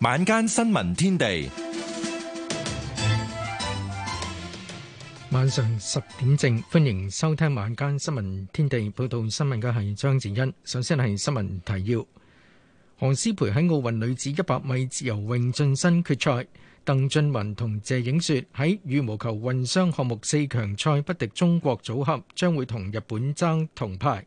晚間新聞天地，晚上十點正，歡迎收聽晚間新聞天地。報道新聞嘅係張智欣，首先係新聞提要：何詩蓓喺奧運女子一百米自由泳晉身決賽，鄧俊文同謝影雪喺羽毛球混雙項目四強賽不敵中國組合，將會同日本爭銅牌。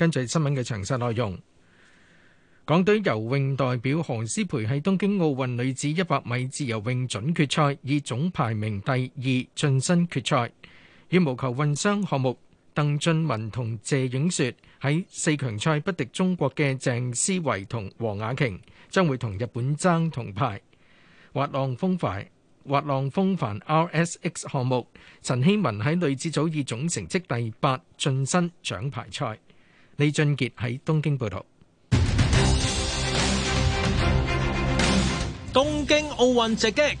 跟住新聞嘅詳細內容，港隊游泳代表何詩蓓喺東京奧運女子一百米自由泳準決賽以總排名第二晉身決賽。羽毛球混雙項目，鄧俊文同謝影雪喺四強賽不敵中國嘅鄭思維同黃雅瓊，將會同日本爭銅牌。滑浪風帆滑浪風帆 R S X 項目，陳希文喺女子組以總成績第八晉身獎牌賽。李俊杰喺東京報道。東京奧運直擊，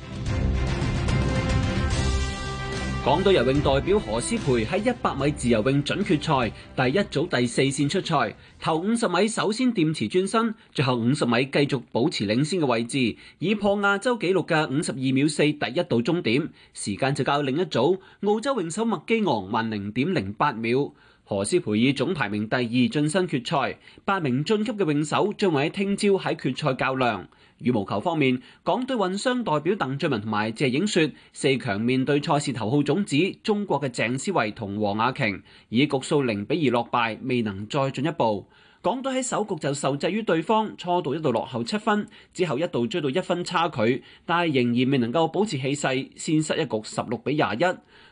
港隊游泳代表何詩蓓喺一百米自由泳準決賽第一組第四綫出賽，頭五十米首先墊持轉身，最後五十米繼續保持領先嘅位置，以破亞洲紀錄嘅五十二秒四第一到終點，時間就較另一組澳洲泳手麥基昂慢零點零八秒。何詩蓓以總排名第二晉身決賽，八名晉級嘅泳手將會喺聽朝喺決賽較量。羽毛球方面，港隊混雙代表鄧俊文同埋謝影雪四強面對賽事頭號種子中國嘅鄭思維同黃雅瓊，以局數零比二落敗，未能再進一步。港隊喺首局就受制於對方，初度一度落後七分，之後一度追到一分差距，但係仍然未能夠保持氣勢，先失一局十六比廿一。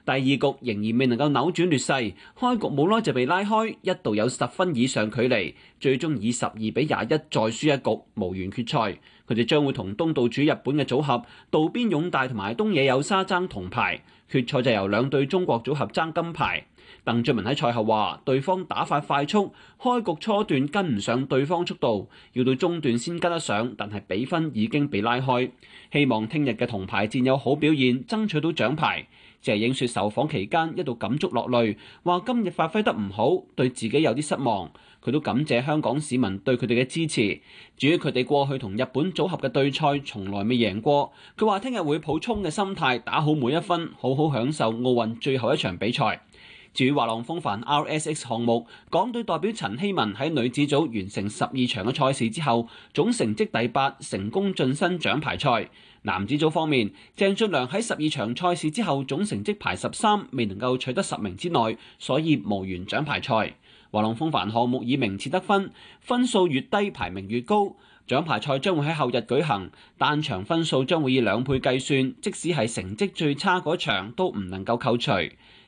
第二局仍然未能夠扭轉劣勢，開局冇耐就被拉開，一度有十分以上距離，最終以十二比廿一再輸一局，無緣決賽。佢哋將會同東道主日本嘅組合渡邊勇大同埋東野有紗爭銅牌，決賽就由兩對中國組合爭金牌。鄧俊文喺賽後話：對方打法快速，開局初段跟唔上對方速度，要到中段先跟得上，但係比分已經被拉開。希望聽日嘅銅牌戰有好表現，爭取到獎牌。謝影雪受訪期間一度感觸落淚，話今日發揮得唔好，對自己有啲失望。佢都感謝香港市民對佢哋嘅支持。至於佢哋過去同日本組合嘅對賽，從來未贏過。佢話聽日會普通嘅心態，打好每一分，好好享受奧運最後一場比賽。至於滑浪風帆 R.S.X 項目，港隊代表陳希文喺女子組完成十二場嘅賽事之後，總成績第八，成功晉身獎牌賽。男子組方面，鄭俊良喺十二場賽事之後總成績排十三，未能夠取得十名之內，所以無緣獎牌賽。滑浪風帆項目以名次得分，分數越低排名越高，獎牌賽將會喺後日舉行，單場分數將會以兩倍計算，即使係成績最差嗰場都唔能夠扣除。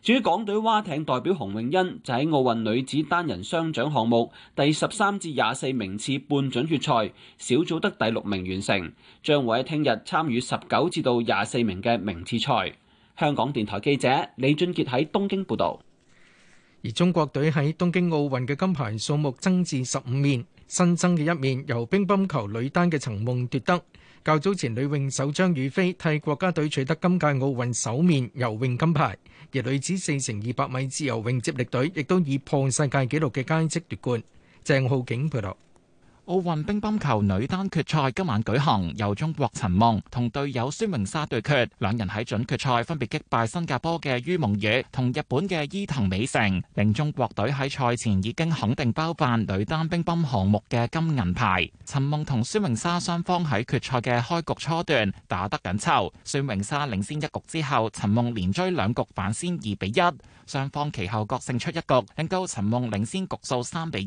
至於港隊蛙艇代表洪永欣，就喺奧運女子單人雙槳項目第十三至廿四名次半準決賽小組得第六名完成。將會喺聽日參與十九至到廿四名嘅名次賽。香港電台記者李俊杰喺東京報道。而中國隊喺東京奧運嘅金牌數目增至十五面，新增嘅一面由乒乓球女單嘅陳夢奪得。較早前，女泳手張雨霏替國家隊取得今屆奧運首面游泳金牌，而女子四乘二百米自由泳接力隊亦都以破世界紀錄嘅佳績奪冠。鄭浩景報道。奧運乒乓球女單決賽今晚舉行，由中國陳夢同隊友孫穎莎對決。兩人喺準決賽分別擊敗新加坡嘅于夢雨同日本嘅伊藤美誠，令中國隊喺賽前已經肯定包辦女單乒乓項目嘅金銀牌。陳夢同孫穎莎雙方喺決賽嘅開局初段打得緊湊，孫穎莎領先一局之後，陳夢連追兩局反先二比一。雙方其後各勝出一局，令到陳夢領先局數三比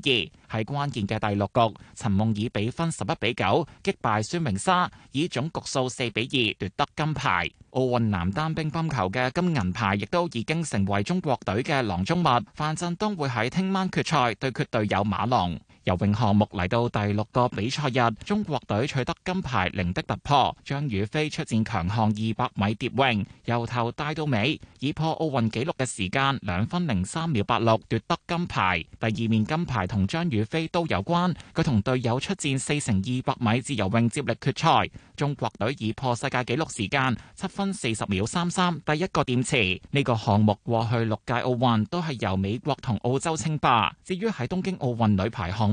二。喺關鍵嘅第六局，陳夢以比分十一比九擊敗孫穎莎，以總局數四比二奪得金牌。奧運男單乒乓球嘅金銀牌亦都已經成為中國隊嘅囊中物。范振東會喺聽晚決賽對決隊友馬龍。游泳項目嚟到第六個比賽日，中國隊取得金牌零的突破。張雨霏出戰強項二百米蝶泳，由頭帶到尾，以破奧運紀錄嘅時間兩分零三秒八六奪得金牌。第二面金牌同張雨霏都有關，佢同隊友出戰四乘二百米自由泳接力決賽，中國隊以破世界紀錄時間七分四十秒三三，第一個點池。呢、這個項目過去六屆奧運都係由美國同澳洲稱霸。至於喺東京奧運女排項，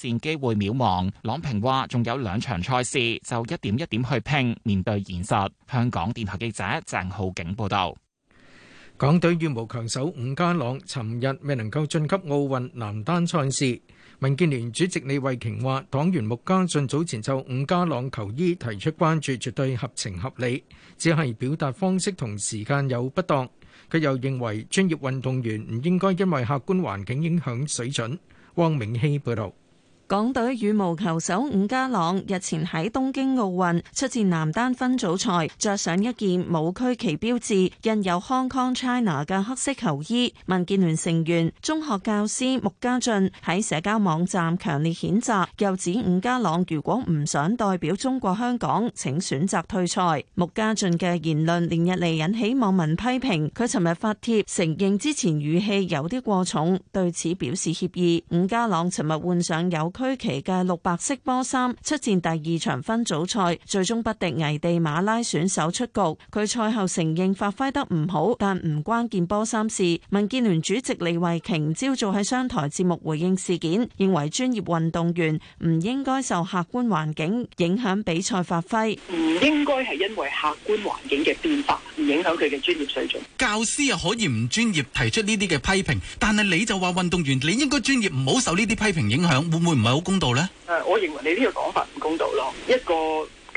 戰機會渺茫，郎平話仲有兩場賽事，就一點一點去拼。面對現實，香港電台記者鄭浩景報道。港隊羽毛強手伍家朗尋日未能夠晉級奧運男單賽事。民建聯主席李慧瓊話，黨員穆家俊早前就伍家朗球衣提出關注，絕對合情合理，只係表達方式同時間有不當。佢又認為專業運動員唔應該因為客觀環境影響水準。汪明希報道。港隊羽毛球手伍家朗日前喺東京奧運出戰男單分組賽，着上一件冇區旗標誌，印有 Hong Kong China 嘅黑色球衣。民建聯成員中學教師穆家俊喺社交網站強烈譴責，又指伍家朗如果唔想代表中國香港，請選擇退賽，穆家俊嘅言論連日嚟，引起網民批評，佢尋日發帖承認之前語氣有啲過重，對此表示歉意。伍家朗尋日換上有。區旗嘅綠白色波衫出戰第二場分組賽，最終不敵危地馬拉選手出局。佢賽後承認發揮得唔好，但唔關件波衫事。民建聯主席李慧瓊朝早喺商台節目回應事件，認為專業運動員唔應該受客觀環境影響比賽發揮，唔應該係因為客觀環境嘅變化而影響佢嘅專業水準。教師啊，可以唔專業提出呢啲嘅批評，但係你就話運動員你應該專業，唔好受呢啲批評影響，會唔會唔係？有公道呢？誒、啊，我認為你呢個講法唔公道咯。一個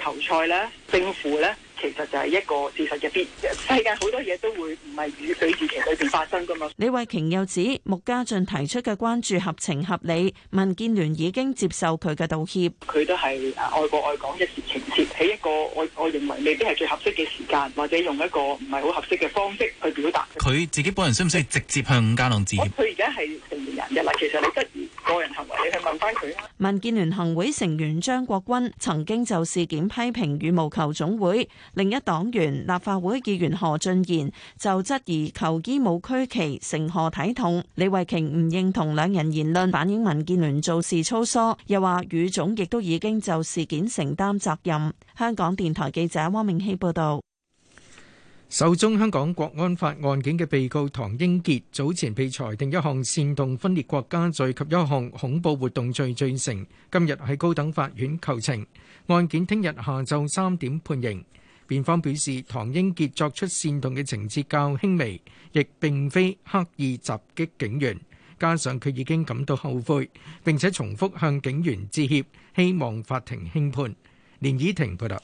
球賽呢，勝負呢，其實就係一個事實嘅必然。世界好多嘢都會唔係雨水之前裡面發生噶嘛。李慧瓊又指，穆家駿提出嘅關注合情合理，民建聯已經接受佢嘅道歉。佢都係愛國愛港一時情切，喺一個我我認為未必係最合適嘅時間，或者用一個唔係好合適嘅方式去表達。佢自己本人需唔需要直接向伍家朗致歉？佢而家係成年人嘅啦，其實你質疑個人合。你去問翻佢啊！民建聯行會成員張國軍曾經就事件批評羽毛球總會，另一黨員立法會議員何俊賢就質疑球衣冇區旗成何體統。李慧瓊唔認同兩人言論，反映民建聯做事粗疏，又話羽總亦都已經就事件承擔責任。香港電台記者汪明希報道。首宗香港國安法案件嘅被告唐英傑，早前被裁定一項煽動分裂國家罪及一項恐怖活動罪罪成，今日喺高等法院求情，案件聽日下晝三點判刑。辯方表示，唐英傑作出煽動嘅情節較輕微，亦並非刻意襲擊警員，加上佢已經感到後悔，並且重複向警員致歉，希望法庭輕判。連綺婷報道。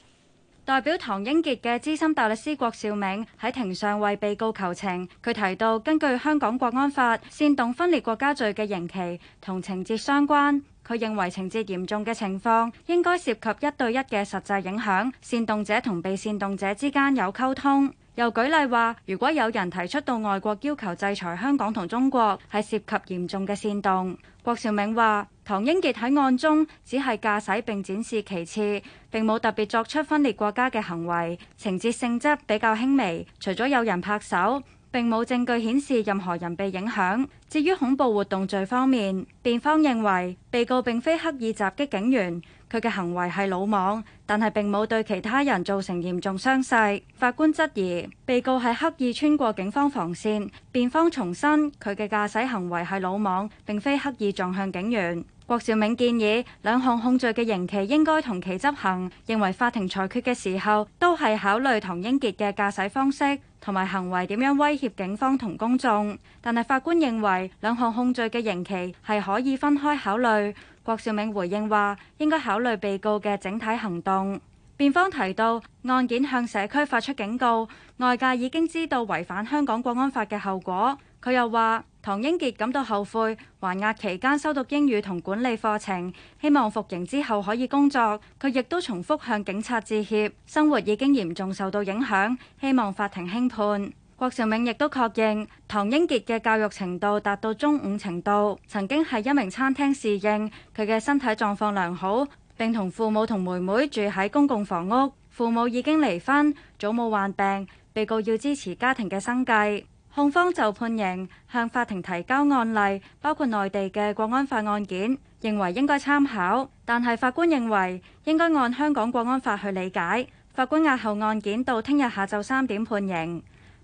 代表唐英傑嘅資深大律師郭兆銘喺庭上為被告求情。佢提到，根據香港國安法，煽動分裂國家罪嘅刑期同情節相關。佢認為情節嚴重嘅情況應該涉及一對一嘅實際影響，煽動者同被煽動者之間有溝通。又舉例話，如果有人提出到外國要求制裁香港同中國，係涉及嚴重嘅煽動。郭兆銘話：唐英傑喺案中只係駕駛並展示旗幟，並冇特別作出分裂國家嘅行為，情節性質比較輕微。除咗有人拍手，並冇證據顯示任何人被影響。至於恐怖活動罪方面，辯方認為被告並非刻意襲擊警員。佢嘅行為係魯莽，但係並冇對其他人造成嚴重傷勢。法官質疑被告係刻意穿過警方防線。辯方重申佢嘅駕駛行為係魯莽，並非刻意撞向警員。郭兆銘建議兩項控罪嘅刑期應該同期執行，認為法庭裁決嘅時候都係考慮唐英傑嘅駕駛方式同埋行為點樣威脅警方同公眾，但係法官認為兩項控罪嘅刑期係可以分開考慮。郭兆明回應話：應該考慮被告嘅整體行動。辯方提到案件向社區發出警告，外界已經知道違反香港國安法嘅後果。佢又話唐英傑感到後悔，還押期間修讀英語同管理課程，希望服刑之後可以工作。佢亦都重複向警察致歉，生活已經嚴重受到影響，希望法庭輕判。郭成銘亦都確認唐英傑嘅教育程度達到中五程度，曾經係一名餐廳侍應，佢嘅身體狀況良好，並同父母同妹妹住喺公共房屋。父母已經離婚，祖母患病，被告要支持家庭嘅生計。控方就判刑，向法庭提交案例，包括內地嘅國安法案件，認為應該參考，但係法官認為應該按香港國安法去理解。法官押後案件到聽日下晝三點判刑。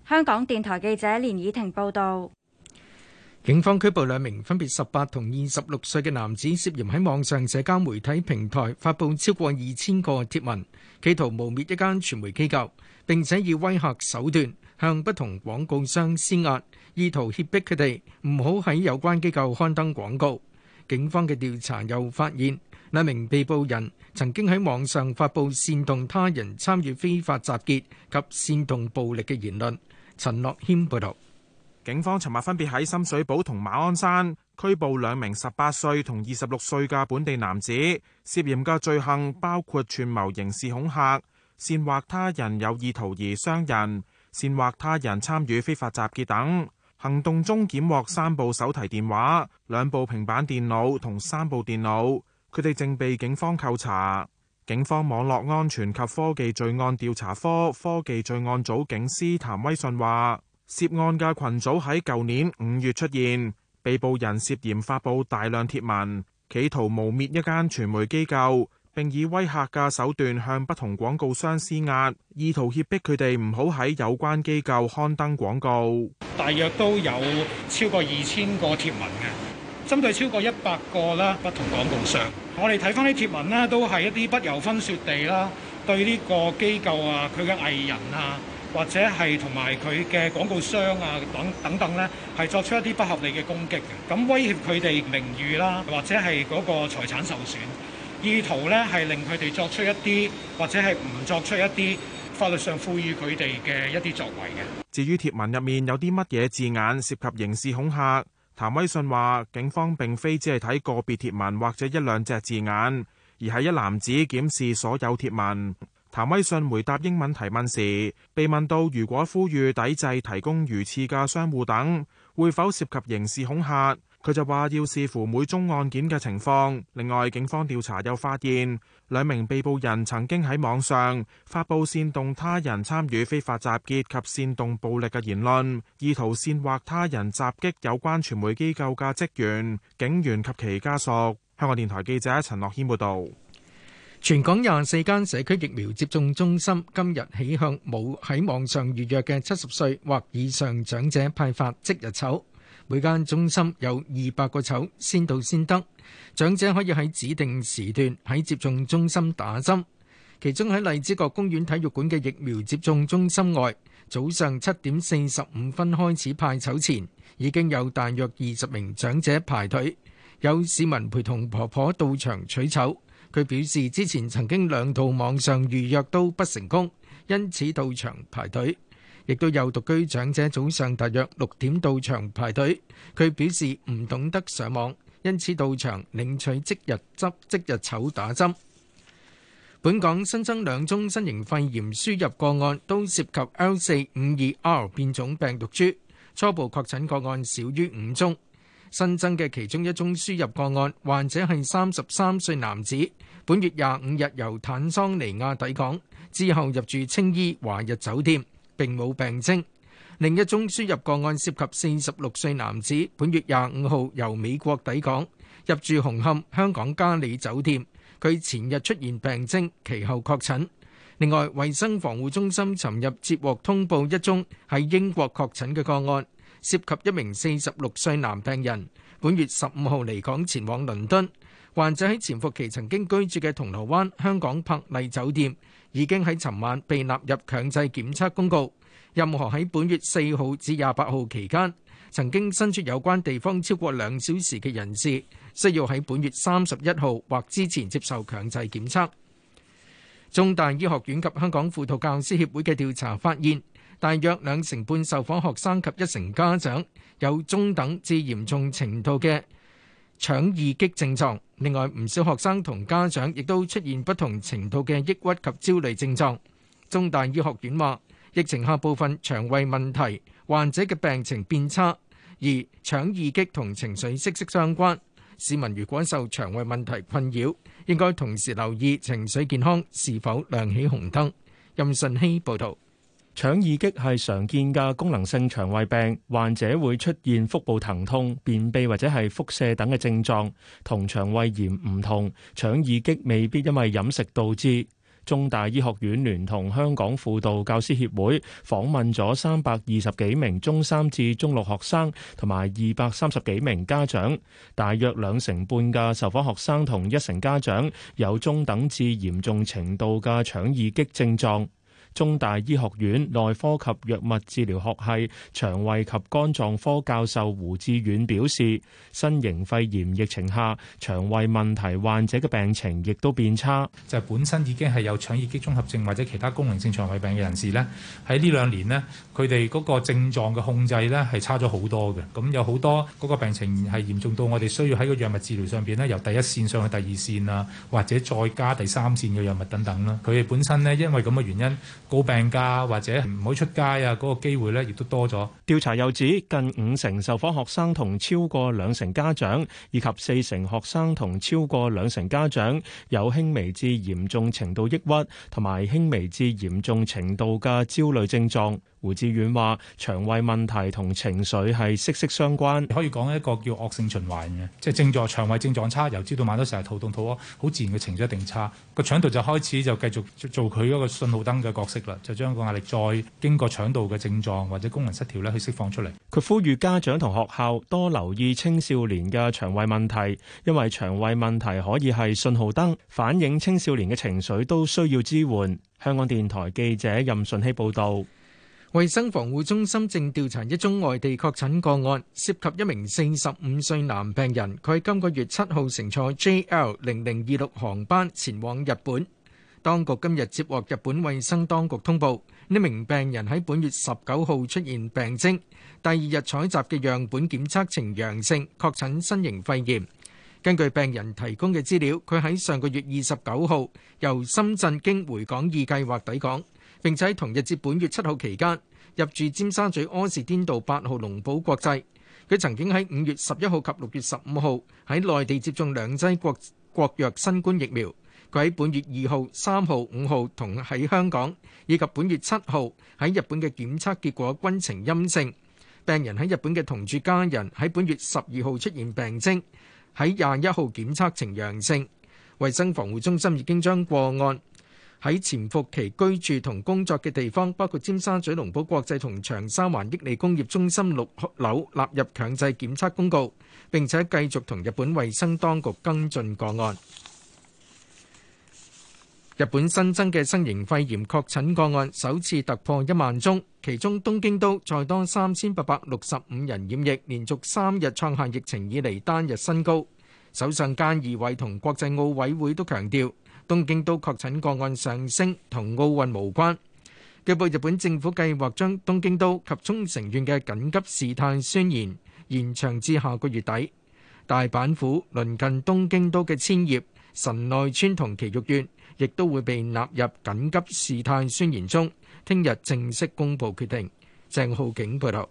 香港電台記者連綺婷報道，警方拘捕兩名分別十八同二十六歲嘅男子，涉嫌喺網上社交媒體平台發佈超過二千個貼文，企圖誣蔑一間傳媒機構，並且以威嚇手段向不同廣告商施壓，意圖脅迫佢哋唔好喺有關機構刊登廣告。警方嘅調查又發現，兩名被捕人曾經喺網上發佈煽動他人參與非法集結及煽動暴力嘅言論。陳樂謙報道，警方尋日分別喺深水埗同馬鞍山拘捕兩名十八歲同二十六歲嘅本地男子，涉嫌嘅罪行包括串謀刑事恐嚇、煽惑他人有意圖而傷人、煽惑他人參與非法集結等。行動中檢獲三部手提電話、兩部平板電腦同三部電腦，佢哋正被警方扣查。警方網絡安全及科技罪案調查科科技罪案組警司譚威信話，涉案嘅群組喺舊年五月出現，被捕人涉嫌發佈大量貼文，企圖誣衊一間傳媒機構，並以威嚇嘅手段向不同廣告商施壓，意圖脅迫佢哋唔好喺有關機構刊登廣告。大約都有超過二千個貼文嘅。針對超過一百個啦，不同廣告商，我哋睇翻啲貼文咧，都係一啲不由分說地啦，對呢個機構啊、佢嘅藝人啊，或者係同埋佢嘅廣告商啊等等等咧，係作出一啲不合理嘅攻擊嘅，咁威脅佢哋名譽啦，或者係嗰個財產受損，意圖咧係令佢哋作出一啲或者係唔作出一啲法律上賦予佢哋嘅一啲作為嘅。至於貼文入面有啲乜嘢字眼涉及刑事恐嚇？譚威信話：警方並非只係睇個別貼文或者一兩隻字眼，而係一男子檢視所有貼文。譚威信回答英文提問時，被問到如果呼籲抵制提供魚翅嘅商戶等，會否涉及刑事恐吓？佢就話要視乎每宗案件嘅情況。另外，警方調查又發現兩名被捕人曾經喺網上發布煽動他人參與非法集結及煽動暴力嘅言論，意圖煽惑他人襲擊有關傳媒機構嘅職員、警員及其家屬。香港電台記者陳諾謙報導。全港廿四間社區疫苗接種中心今日起向冇喺網上預約嘅七十歲或以上長者派發即日籌。每間中心有二百個籌，先到先得。長者可以喺指定時段喺接種中心打針。其中喺荔枝角公園體育館嘅疫苗接種中心外，早上七點四十五分開始派籌前，已經有大約二十名長者排隊。有市民陪同婆婆到場取籌。佢表示之前曾經兩度網上預約都不成功，因此到場排隊。亦都有獨居長者早上大約六點到場排隊。佢表示唔懂得上網，因此到場領取即日執即日籌打針。本港新增兩宗新型肺炎輸入個案，都涉及 L 四五二 R 變種病毒株。初步確診個案少於五宗。新增嘅其中一宗輸入個案，患者係三十三歲男子，本月廿五日由坦桑尼亞抵港，之後入住青衣華日酒店。並冇病徵。另一宗輸入個案涉及四十六歲男子，本月廿五號由美國抵港，入住紅磡香港嘉里酒店。佢前日出現病徵，其後確診。另外，衛生防護中心尋日接獲通報一宗喺英國確診嘅個案，涉及一名四十六歲男病人，本月十五號離港前往倫敦。患者喺潛伏期曾經居住嘅銅鑼灣香港柏麗酒店，已經喺尋晚被納入強制檢測公告。任何喺本月四號至廿八號期間曾經身處有關地方超過兩小時嘅人士，需要喺本月三十一號或之前接受強制檢測。中大醫學院及香港輔導教師協會嘅調查發現，大約兩成半受訪學生及一成家長有中等至嚴重程度嘅腸易激症狀，另外唔少學生同家長亦都出現不同程度嘅抑鬱及焦慮症狀。中大醫學院話，疫情下部分腸胃問題患者嘅病情變差，而腸易激同情緒息息相關。市民如果受腸胃問題困擾，應該同時留意情緒健康是否亮起紅燈。任順希報道。腸易激係常見嘅功能性腸胃病，患者會出現腹部疼痛、便秘或者係腹瀉等嘅症狀。同腸胃炎唔同，腸易激未必因為飲食導致。中大醫學院聯同香港輔導教師協會訪問咗三百二十幾名中三至中六學生同埋二百三十幾名家長，大約兩成半嘅受訪學生同一成家長有中等至嚴重程度嘅腸易激症狀。中大醫學院內科及藥物治療學系腸胃及肝臟科教授胡志遠表示，新型肺炎疫情下，腸胃問題患者嘅病情亦都變差。就本身已經係有腸易激綜合症或者其他功能性腸胃病嘅人士呢，喺呢兩年呢，佢哋嗰個症狀嘅控制呢，係差咗好多嘅。咁有好多嗰個病情係嚴重到我哋需要喺個藥物治療上邊咧，由第一線上去第二線啊，或者再加第三線嘅藥物等等啦。佢哋本身呢，因為咁嘅原因。告病假或者唔好出街啊，嗰個機會咧亦都多咗。調查又指近五成受訪學生同超過兩成家長以及四成學生同超過兩成家長有輕微至嚴重程度抑鬱同埋輕微至嚴重程度嘅焦慮症狀。胡志遠話：腸胃問題同情緒係息息相關，可以講一個叫惡性循環嘅，即係症狀。腸胃症狀差，由朝到晚都成日肚痛肚屙，好自然嘅情緒一定差。個腸道就開始就繼續做佢一個信號燈嘅角色啦，就將個壓力再經過腸道嘅症狀或者功能失調咧，去釋放出嚟。佢呼籲家長同學校多留意青少年嘅腸胃問題，因為腸胃問題可以係信號燈反映青少年嘅情緒，都需要支援。香港電台記者任順希報道。衛生防護中心正調查一宗外地確診個案，涉及一名四十五歲男病人，佢今個月七號乘坐 JL 零零二六航班前往日本。當局今日接獲日本衛生當局通報，呢名病人喺本月十九號出現病徵，第二日採集嘅樣本檢測呈陽性，確診新型肺炎。根據病人提供嘅資料，佢喺上個月二十九號由深圳經回港易計劃抵港。並且喺同日至本月七號期間入住尖沙咀柯士甸道八號龍堡國際。佢曾經喺五月十一號及六月十五號喺內地接種兩劑國國藥新冠疫苗。佢喺本月二號、三號、五號同喺香港，以及本月七號喺日本嘅檢測結果均呈陰性。病人喺日本嘅同住家人喺本月十二號出現病徵，喺廿一號檢測呈陽性。衛生防護中心已經將個案喺潛伏期居住同工作嘅地方，包括尖沙咀隆堡國際同長沙灣益利工業中心六樓，納入強制檢測公告。並且繼續同日本衛生當局跟進個案。日本新增嘅新型冠狀肺炎確診個案首次突破一萬宗，其中東京都再多三千八百六十五人染疫，連續三日創下疫情以嚟單日新高。首相菅義偉同國際奧委會都強調。東京都確診個案上升，同奧運無關。據報日本政府計劃將東京都及沖繩縣嘅緊急事態宣言延長至下個月底。大阪府鄰近東京都嘅千葉、神奈川同埼玉縣，亦都會被納入緊急事態宣言中。聽日正式公佈決定。鄭浩景報道。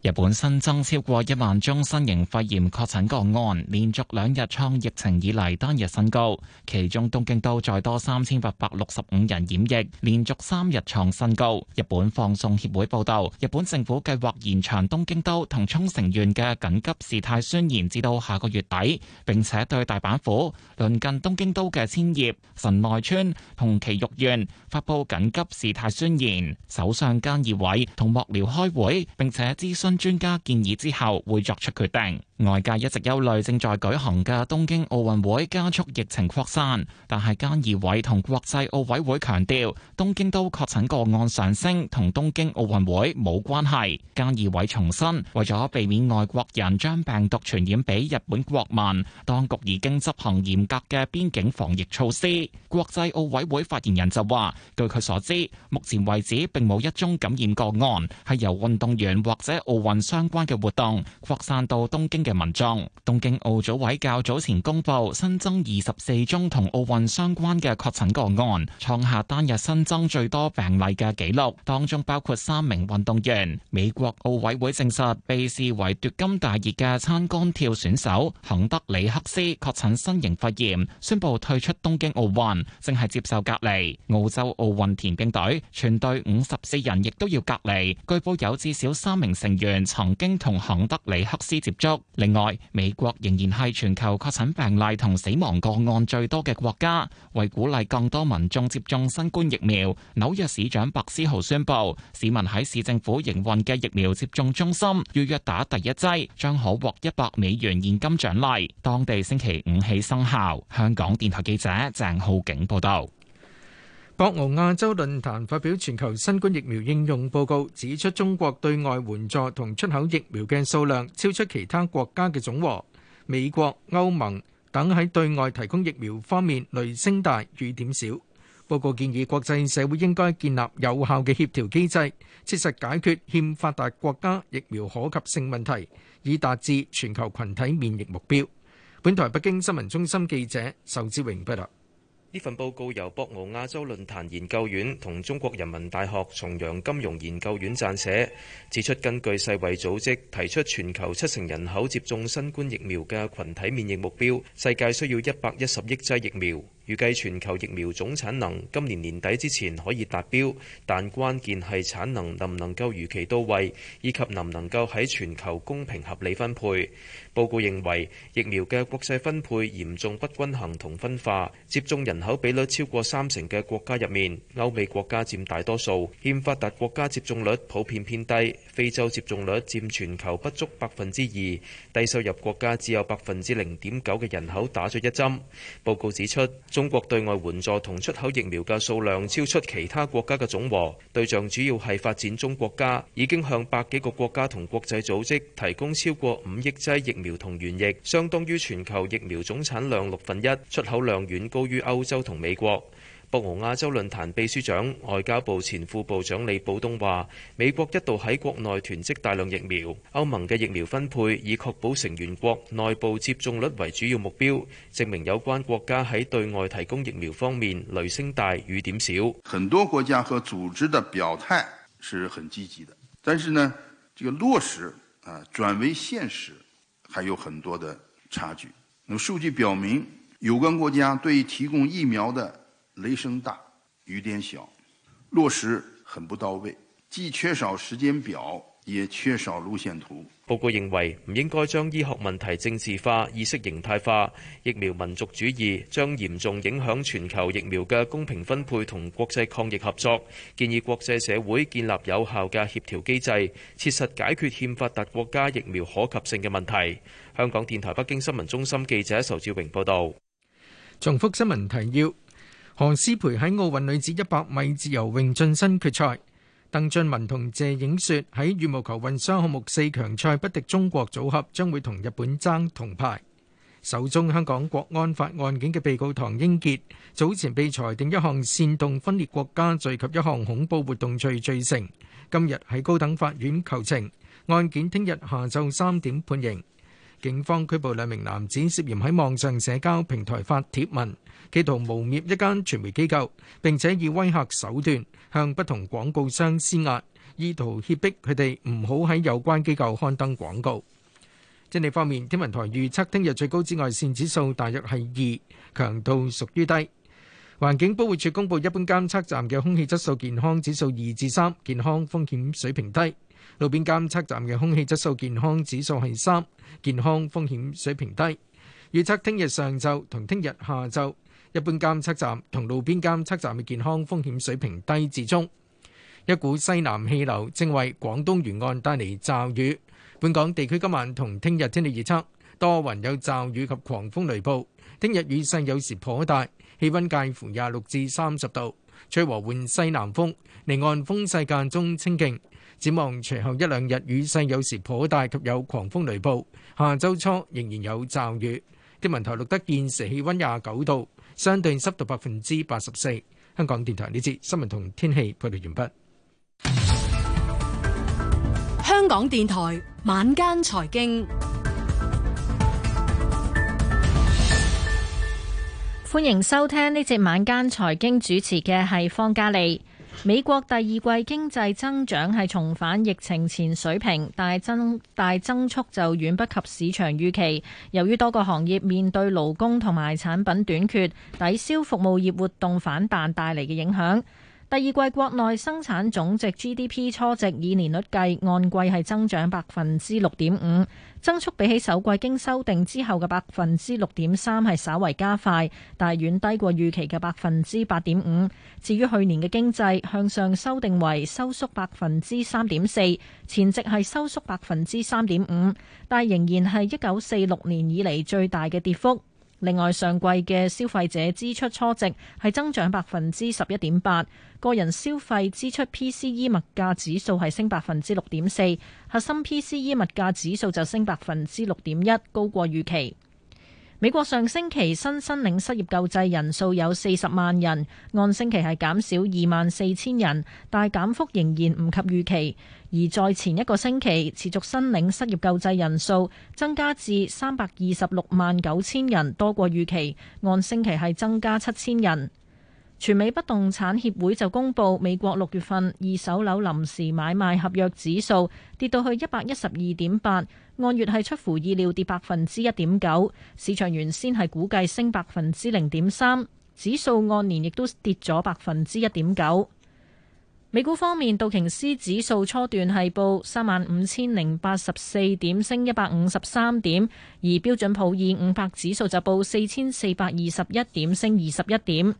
日本新增超過一萬宗新型肺炎確診個案，連續兩日創疫情以嚟單日新高。其中東京都再多三千八百六十五人染疫，連續三日創新高。日本放送協會報導，日本政府計劃延長東京都同沖繩縣嘅緊急事態宣言至到下個月底，並且對大阪府鄰近東京都嘅千葉、神奈川同埼玉縣發布緊急事態宣言。首相菅義偉同幕僚開會，並且諮詢。專家建議之後會作出決定。外界一直憂慮正在舉行嘅東京奧運會加速疫情擴散，但係菅義偉同國際奧委會強調，東京都確診個案上升同東京奧運會冇關係。菅義偉重申，為咗避免外國人將病毒傳染俾日本國民，當局已經執行嚴格嘅邊境防疫措施。國際奧委會發言人就話，據佢所知，目前為止並冇一宗感染個案係由運動員或者奧運相關嘅活動擴散到東京。嘅民眾，東京奧組委較早前公布新增二十四宗同奧運相關嘅確診個案，創下單日新增最多病例嘅紀錄。當中包括三名運動員。美國奧委會證實，被視為奪金大熱嘅撐桿跳選手肯德里克斯確診新型肺炎，宣布退出東京奧運，正係接受隔離。澳洲奧運田徑隊全隊五十四人亦都要隔離，據報有至少三名成員曾經同肯德里克斯接觸。另外，美國仍然係全球確診病例同死亡個案最多嘅國家。為鼓勵更多民眾接種新冠疫苗，紐約市長白思豪宣布，市民喺市政府營運嘅疫苗接種中心預約打第一劑，將可獲一百美元現金獎勵。當地星期五起生效。香港電台記者鄭浩景報道。博鰲亞洲論壇發表全球新冠疫苗應用報告，指出中國對外援助同出口疫苗嘅數量超出其他國家嘅總和，美國、歐盟等喺對外提供疫苗方面雷聲大雨點少。報告建議國際社會應該建立有效嘅協調機制，切實解決欠發達國家疫苗可及性問題，以達至全球群體免疫目標。本台北京新聞中心記者仇志榮報道。呢份報告由博鰲亞洲論壇研究院同中國人民大學重陽金融研究院撰寫，指出根據世衛組織提出全球七成人口接種新冠疫苗嘅群體免疫目標，世界需要一百一十億劑疫苗。預計全球疫苗總產能今年年底之前可以達標，但關鍵係產能能唔能夠如期到位，以及能唔能夠喺全球公平合理分配。報告認為，疫苗嘅國際分配嚴重不均衡同分化，接種人口比率超過三成嘅國家入面，歐美國家佔大多數，欠發達國家接種率普遍偏低，非洲接種率佔全球不足百分之二，低收入國家只有百分之零點九嘅人口打咗一針。報告指出，中國對外援助同出口疫苗嘅數量超出其他國家嘅總和，對象主要係發展中國家，已經向百幾個國家同國際組織提供超過五億劑疫苗同原液，相當於全球疫苗總產量六分一，出口量遠高於歐洲同美國。博鰲亞洲論壇秘書長、外交部前副部長李保東話，美國一度喺國內囤積大量疫苗，歐盟嘅疫苗分配以確保成員國內部接種率為主要目標，證明有關國家喺對外提供疫苗方面雷聲大雨點小。很多國家和組織的表態是很積極的，但是呢，這個落實啊轉為現實還有很多的差距。咁數據表明，有關國家對於提供疫苗的雷聲大雨點小，落實很不到位，既缺少時間表，也缺少路線圖。報告認為唔應該將醫學問題政治化、意識形態化，疫苗民族主義將嚴重影響全球疫苗嘅公平分配同國際抗疫合作。建議國際社會建立有效嘅協調機制，切實解決欠發達國家疫苗可及性嘅問題。香港電台北京新聞中心記者仇志榮報道。重複新聞提要。何詩培喺奧運女子一百米自由泳晉身決賽，鄧俊文同謝影雪喺羽毛球混雙項目四強賽不敵中國組合，將會同日本爭銅牌。首宗香港國安法案件嘅被告唐英傑，早前被裁定一項煽動分裂國家罪及一項恐怖活動罪罪成，今日喺高等法院求情，案件聽日下晝三點判刑。警方拘捕兩名男子，涉嫌喺網上社交平台發帖文，企圖誣蔑一間傳媒機構，並且以威嚇手段向不同廣告商施壓，意圖脅迫佢哋唔好喺有關機構刊登廣告。天氣方面，天文台預測聽日最高紫外線指數大約係二，強度屬於低。環境保護署公布一般監測站嘅空氣質素健康指數二至三，健康風險水平低。路邊監測站嘅空氣質素健康指數係三，健康風險水平低。預測聽日上晝同聽日下晝，一般監測站同路邊監測站嘅健康風險水平低至中。一股西南氣流正為廣東沿岸帶嚟驟雨，本港地區今晚同聽日天氣預測多雲有驟雨及狂風雷暴，聽日雨勢有時頗大，氣溫介乎廿六至三十度，吹和緩西南風，離岸風勢間中清勁。展望隨後一兩日雨勢有時頗大及有狂風雷暴，下周初仍然有驟雨。天文台錄得現時氣溫廿九度，相對濕度百分之八十四。香港電台呢節新聞同天氣報道完畢。香港電台晚間財經，歡迎收聽呢節晚間財經，主持嘅係方嘉利。美國第二季經濟增長係重返疫情前水平，但係增大增速就遠不及市場預期。由於多個行業面對勞工同埋產品短缺，抵消服務業活動反彈帶嚟嘅影響。第二季國內生產總值 GDP 初值，以年率計按季係增長百分之六點五，增速比起首季經修訂之後嘅百分之六點三係稍為加快，但遠低過預期嘅百分之八點五。至於去年嘅經濟向上修訂為收縮百分之三點四，前值係收縮百分之三點五，但仍然係一九四六年以嚟最大嘅跌幅。另外，上季嘅消費者支出初值係增長百分之十一點八，個人消費支出 PCE 物價指數係升百分之六點四，核心 PCE 物價指數就升百分之六點一，高過預期。美國上星期新申領失業救濟人數有四十萬人，按星期係減少二萬四千人，但係減幅仍然唔及預期。而在前一個星期，持續申領失業救濟人數增加至三百二十六萬九千人，多過預期，按星期係增加七千人。全美不動產協會就公布，美國六月份二手樓臨時買賣合約指數跌到去一百一十二點八，按月係出乎意料跌百分之一點九，市場原先係估計升百分之零點三，指數按年亦都跌咗百分之一點九。美股方面，道瓊斯指數初段係報三萬五千零八十四點，升一百五十三點；而標準普爾五百指數就報四千四百二十一點，升二十一點。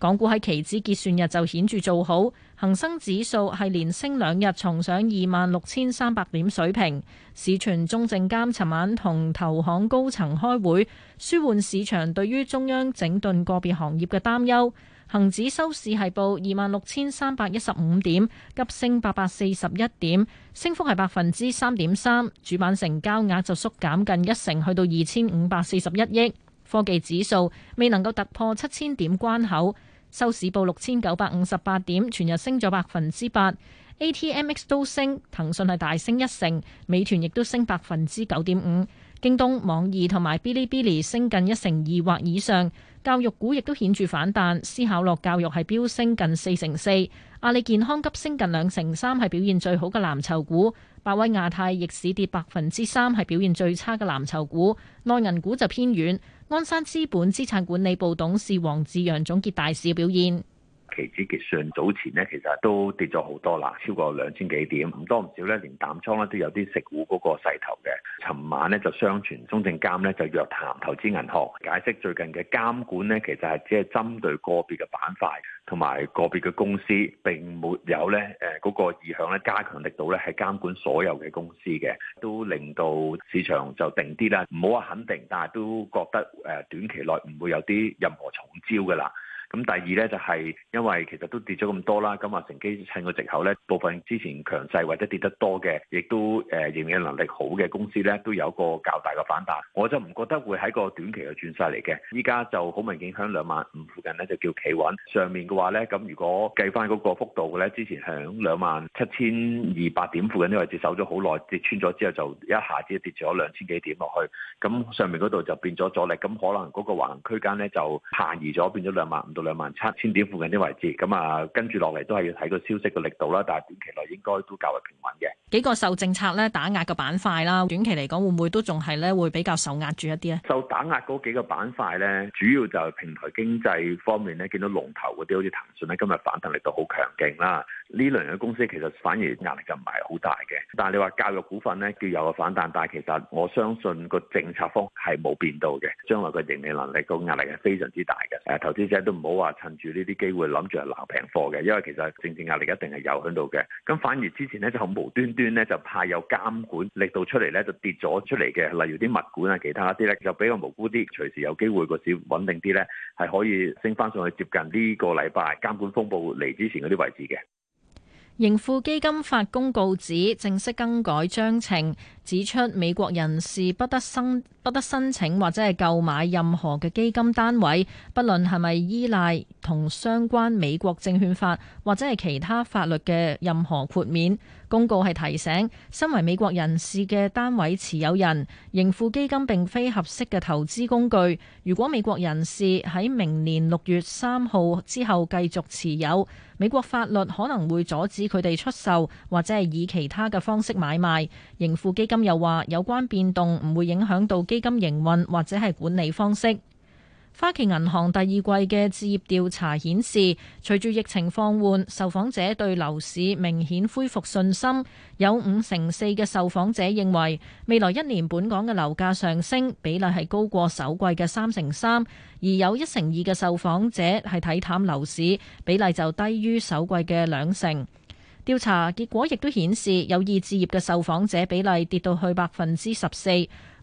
港股喺期指結算日就顯著做好，恒生指數係連升兩日，重上二萬六千三百點水平。市傳中證監尋晚同投行高層開會，舒緩市場對於中央整頓個別行業嘅擔憂。恒指收市係報二萬六千三百一十五點，急升八百四十一點，升幅係百分之三點三。主板成交額就縮減近一成，去到二千五百四十一億。科技指數未能夠突破七千點關口。收市報六千九百五十八點，全日升咗百分之八。ATMX 都升，騰訊係大升一成，美團亦都升百分之九點五。京東、網易同埋 Bilibili 升近一成二或以上。教育股亦都顯著反彈，思考樂教育係飆升近四成四。阿里健康急升近兩成三，係表現最好嘅藍籌股。百威亞太逆市跌百分之三，係表現最差嘅藍籌股。內銀股就偏軟。鞍山資本資產管理部董事黃志揚總結大市表現。期指結算早前呢，其實都跌咗好多啦，超過兩千幾點唔多唔少呢，連淡倉咧都有啲食糊嗰個勢頭嘅。尋晚呢，就相傳中證監咧就約談投資銀行，解釋最近嘅監管呢，其實係只係針對個別嘅板塊同埋個別嘅公司，並沒有呢誒嗰個意向咧加強力度咧係監管所有嘅公司嘅，都令到市場就定啲啦，唔好話肯定，但係都覺得誒短期內唔會有啲任何重招噶啦。咁第二咧就係因為其實都跌咗咁多啦，咁啊乘機趁個藉口咧，部分之前強勢或者跌得多嘅，亦都誒盈利能力好嘅公司咧，都有個較大嘅反彈。我就唔覺得會喺個短期嘅轉勢嚟嘅。依家就好明顯響兩萬五附近咧，就叫企穩。上面嘅話咧，咁如果計翻嗰個幅度嘅咧，之前響兩萬七千二百點附近呢位置守咗好耐，跌穿咗之後就一下子跌咗兩千幾點落去。咁上面嗰度就變咗阻力，咁可能嗰個橫區間咧就下移咗，變咗兩萬五。到兩萬七千點附近啲位置，咁啊跟住落嚟都係要睇個消息嘅力度啦。但係短期內應該都較為平穩嘅。幾個受政策咧打壓嘅板塊啦，短期嚟講會唔會都仲係咧會比較受壓住一啲咧？受打，會會受，受打壓嗰幾個板塊咧，主要就係平台經濟方面咧，見到龍頭嗰啲好似騰訊咧，今日反彈力度好強勁啦。呢兩樣公司其實反而壓力就唔係好大嘅，但係你話教育股份呢，叫有個反彈，但係其實我相信個政策方係冇變到嘅，將來個盈利能力個壓力係非常之大嘅。誒，投資者都唔好話趁住呢啲機會諗住係鬧平貨嘅，因為其實政治壓力一定係有喺度嘅。咁反而之前呢，就無端端咧就派有監管力度出嚟咧，就跌咗出嚟嘅，例如啲物管啊、其他啲咧，就比較無辜啲，隨時有機會個市穩定啲咧，係可以升返上去接近呢個禮拜監管風暴嚟之前嗰啲位置嘅。盈富基金發公告指，正式更改章程。指出美國人士不得申不得申請或者係購買任何嘅基金單位，不論係咪依賴同相關美國證券法或者係其他法律嘅任何豁免。公告係提醒身為美國人士嘅單位持有人，盈富基金並非合適嘅投資工具。如果美國人士喺明年六月三號之後繼續持有，美國法律可能會阻止佢哋出售或者係以其他嘅方式買賣盈富基金。又話有關變動唔會影響到基金營運或者係管理方式。花旗銀行第二季嘅置業調查顯示，隨住疫情放緩，受訪者對樓市明顯恢復信心。有五成四嘅受訪者認為，未來一年本港嘅樓價上升比例係高過首季嘅三成三，而有一成二嘅受訪者係睇淡樓市，比例就低於首季嘅兩成。調查結果亦都顯示有意置業嘅受訪者比例跌到去百分之十四，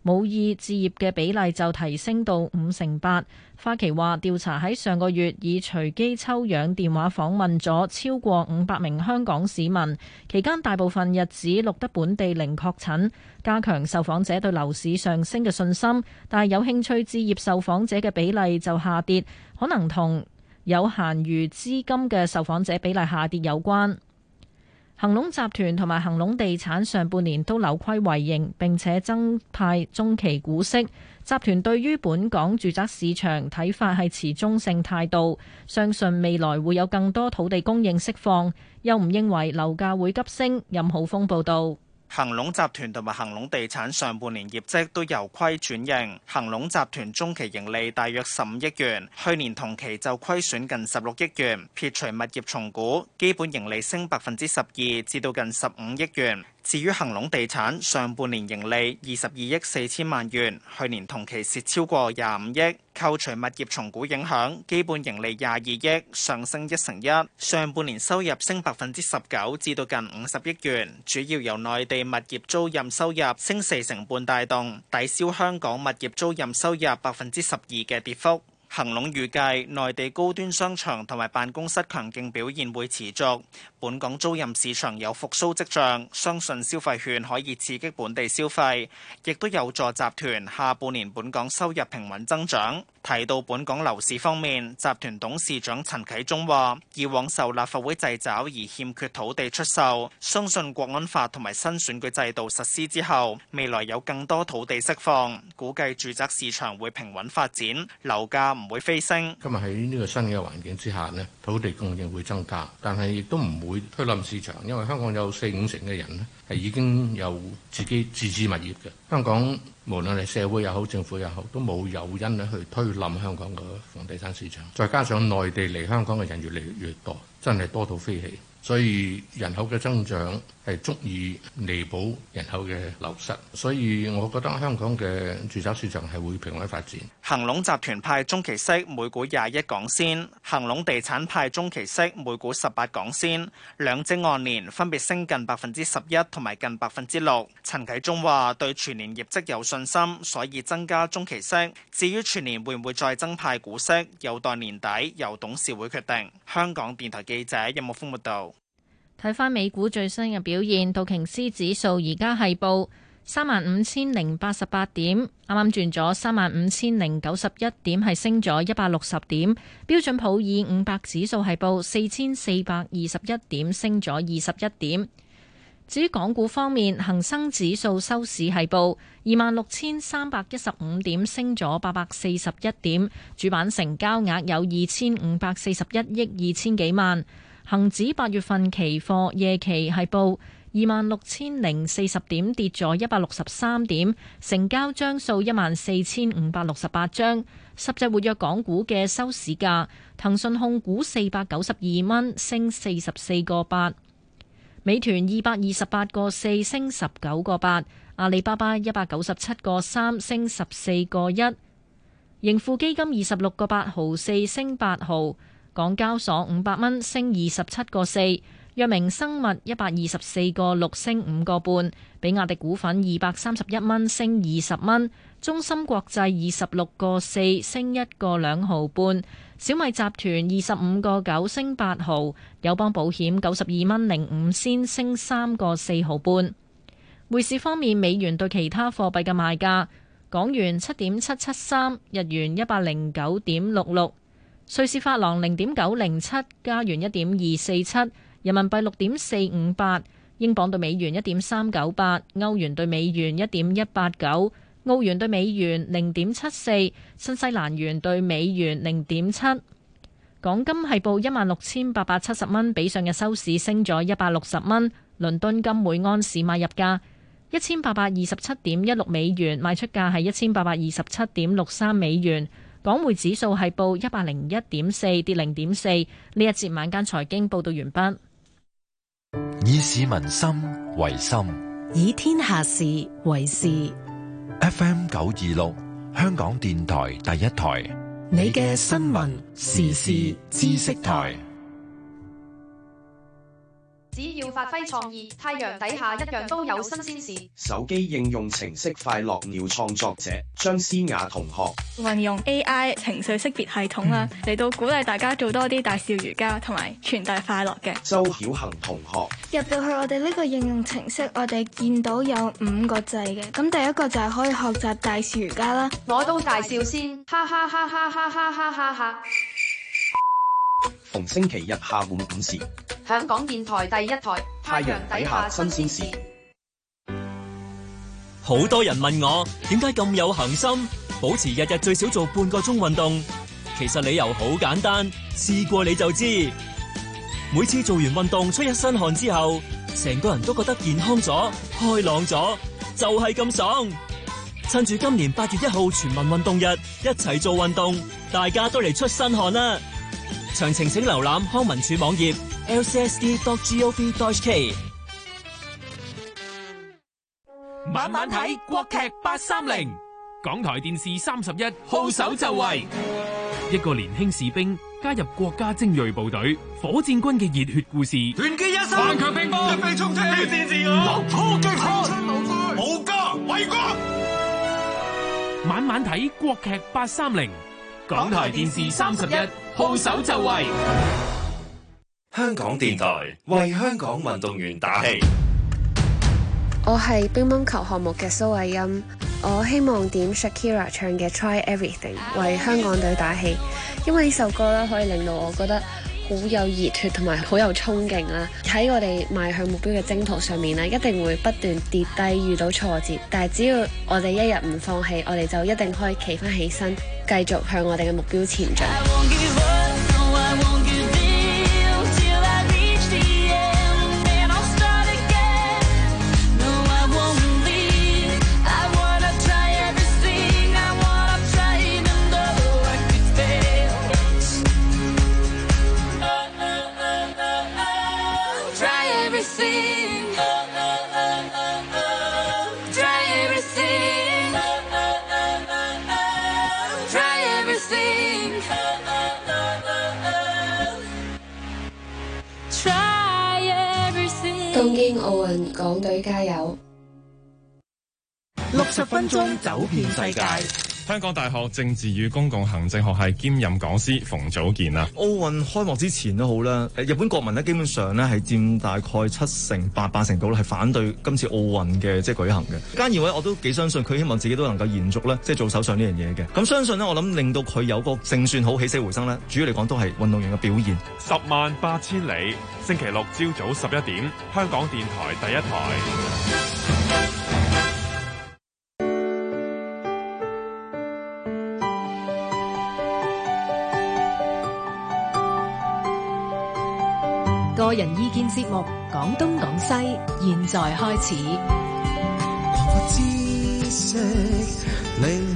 冇意置業嘅比例就提升到五成八。花旗話，調查喺上個月以隨機抽樣電話訪問咗超過五百名香港市民，期間大部分日子錄得本地零確診，加強受訪者對樓市上升嘅信心，但係有興趣置業受訪者嘅比例就下跌，可能同有閒餘資金嘅受訪者比例下跌有關。恒隆集團同埋恒隆地產上半年都扭虧為盈，並且增派中期股息。集團對於本港住宅市場睇法係持中性態度，相信未來會有更多土地供應釋放，又唔認為樓價會急升任。任浩峰報導。恒隆集團同埋恒隆地產上半年業績都由虧轉盈，恒隆集團中期盈利大約十五億元，去年同期就虧損近十六億元，撇除物業重估，基本盈利升百分之十二，至到近十五億元。至於恒隆地產，上半年盈利二十二億四千萬元，去年同期蝕超過廿五億，扣除物業重估影響，基本盈利廿二億，上升一成一。上半年收入升百分之十九，至到近五十億元，主要由內地物業租賃收入升四成半帶動，抵消香港物業租賃收入百分之十二嘅跌幅。恒隆預計內地高端商場同埋辦公室強勁表現會持續，本港租賃市場有復甦跡象，相信消費券可以刺激本地消費，亦都有助集團下半年本港收入平穩增長。提到本港樓市方面，集團董事長陳啟宗話：以往受立法會掣肘而欠缺土地出售，相信國安法同埋新選舉制度實施之後，未來有更多土地釋放，估計住宅市場會平穩發展，樓價唔唔會飛升。今日喺呢個新嘅環境之下咧，土地供應會增加，但係亦都唔會推冧市場，因為香港有四五成嘅人咧係已經有自己自置物業嘅。香港無論係社會也好，政府也好，都冇有因去推冧香港嘅房地產市場。再加上內地嚟香港嘅人越嚟越多，真係多到飛起。所以人口嘅增長係足以彌補人口嘅流失，所以我覺得香港嘅住宅市場係會平穩發展。恒隆集團派中期息每股廿一港仙，恒隆地產派中期息每股十八港仙，兩者按年分別升近百分之十一同埋近百分之六。陳啟宗話對全年業績有信心，所以增加中期息。至於全年會唔會再增派股息，有待年底由董事會決定。香港電台記者任木風報道。睇翻美股最新嘅表現，道瓊斯指數而家係報三萬五千零八十八點，啱啱轉咗三萬五千零九十一點，係升咗一百六十點。標準普爾五百指數係報四千四百二十一點，升咗二十一點。至於港股方面，恒生指數收市係報二萬六千三百一十五點，升咗八百四十一點。主板成交額有二千五百四十一億二千幾萬。恒指八月份期貨夜期係報二萬六千零四十點，跌咗一百六十三點，成交張數一萬四千五百六十八張。十隻活躍港股嘅收市價，騰訊控股四百九十二蚊，升四十四個八；美團二百二十八個四，升十九個八；阿里巴巴一百九十七個三，升十四個一；盈富基金二十六個八毫四，升八毫。港交所五百蚊升二十七個四，藥明生物一百二十四個六升五個半，比亞迪股份二百三十一蚊升二十蚊，中芯國際二十六個四升一個兩毫半，小米集團二十五個九升八毫，友邦保險九十二蚊零五仙升三個四毫半。匯市方面，美元對其他貨幣嘅賣價，港元七點七七三，日元一百零九點六六。瑞士法郎零點九零七，加元一點二四七，人民幣六點四五八，英鎊對美元一點三九八，歐元對美元一點一八九，澳元對美元零點七四，新西蘭元對美元零點七。港金係報一萬六千八百七十蚊，16, 70，比上日收市升咗一百六十蚊。倫敦金每安士買入價一千八百二十七點一六美元，賣出價係一千八百二十七點六三美元。港匯指數係報一百零一點四，跌零點四。呢一節晚間財經報道完畢。以市民心為心，以天下事為事。FM 九二六，香港電台第一台，你嘅新聞時事知識台。只要發揮創意，太陽底下一樣都有新鮮事。手機應用程式《快樂鳥》創作者張思雅同學運用 AI 情緒識別系統啦，嚟、嗯、到鼓勵大家做多啲大笑瑜伽，同埋傳遞快樂嘅。周曉恒同學入到去我哋呢個應用程式，我哋見到有五個掣嘅，咁第一個就係可以學習大笑瑜伽啦。我都大笑先，哈哈哈哈哈哈哈哈哈哈。逢星期日下午五時。香港電台第一台《太陽底下新鮮事》。好多人問我點解咁有恒心，保持日日最少做半個鐘運動。其實理由好簡單，試過你就知。每次做完運動出一身汗之後，成個人都覺得健康咗、開朗咗，就係咁爽。趁住今年八月一號全民運動日，一齊做運動，大家都嚟出身汗啦！詳情請瀏覽康文署網頁 lcsd.gov.hk。晚晚睇國劇八三零，港台電視三十一，號手就位。一個年輕士兵加入國家精銳部隊火箭軍嘅熱血故事，團結一心。頑強拼搏，一飛沖天。咩電視啊？突破極限，青春無罪，保家衛國。晚晚睇國劇八三零。港台電視三十一號首就位，香港電台為香港運動員打氣。 我係乒乓球項目嘅蘇慧音，我希望點 Shakira 唱嘅《Try Everything》為香港隊打氣，因為呢首歌啦可以令到我覺得。好有熱血同埋好有衝勁啦！喺我哋邁向目標嘅征途上面呢，一定會不斷跌低，遇到挫折。但係只要我哋一日唔放棄，我哋就一定可以企翻起身，繼續向我哋嘅目標前進。港隊加油！六十分鐘走遍世界。香港大學政治與公共行政學系兼任講師馮祖健啊！奧運開幕之前都好啦，誒，日本國民咧基本上咧係佔大概七成八八成度咧係反對今次奧運嘅即係舉行嘅。菅義偉我都幾相信佢希望自己都能夠延續咧，即、就、係、是、做手上做首相呢樣嘢嘅。咁、嗯、相信咧，我諗令到佢有嗰勝算好起死回生咧，主要嚟講都係運動員嘅表現。十萬八千里，星期六朝早十一點，香港電台第一台。個人意見節目，講東講西，現在開始。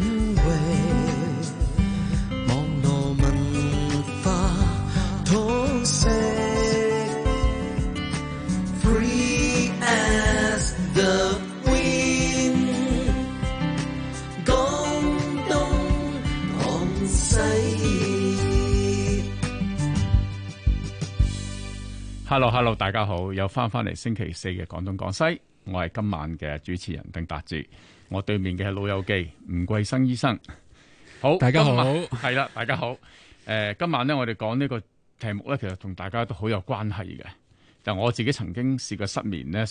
hello hello 大家好，又返返嚟星期四嘅廣東廣西，我係今晚嘅主持人鄧達志，我對面嘅係老友記吳桂生醫生。好，大家好係啦。 大家好誒、呃、今晚咧，我哋講呢個題目咧其實同大家都好有關係嘅，就是、我自己曾經試過失眠咧。